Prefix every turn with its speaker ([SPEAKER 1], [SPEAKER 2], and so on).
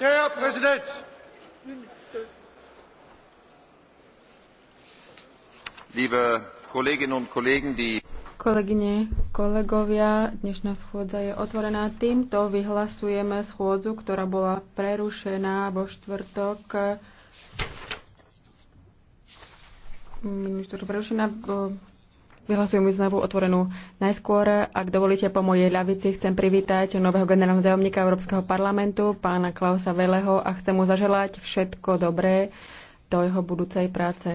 [SPEAKER 1] Herr Präsident!
[SPEAKER 2] Liebe Kolleginnen und Kollegen, die
[SPEAKER 3] Kolegyne, kolegovia, dnešná schôdza je otvorená. Týmto vyhlasujeme schôdzu, ktorá bola prerušená vo štvrtok. Minútu mm, prerušená. Vyhlasujem znovu otvorenú. Najskôr, ak dovolíte, po mojej ľavici chcem privítať nového generálneho tajomníka Európskeho parlamentu, pána Klausa Veleho, a chcem mu zaželať všetko dobré do jeho budúcej práce.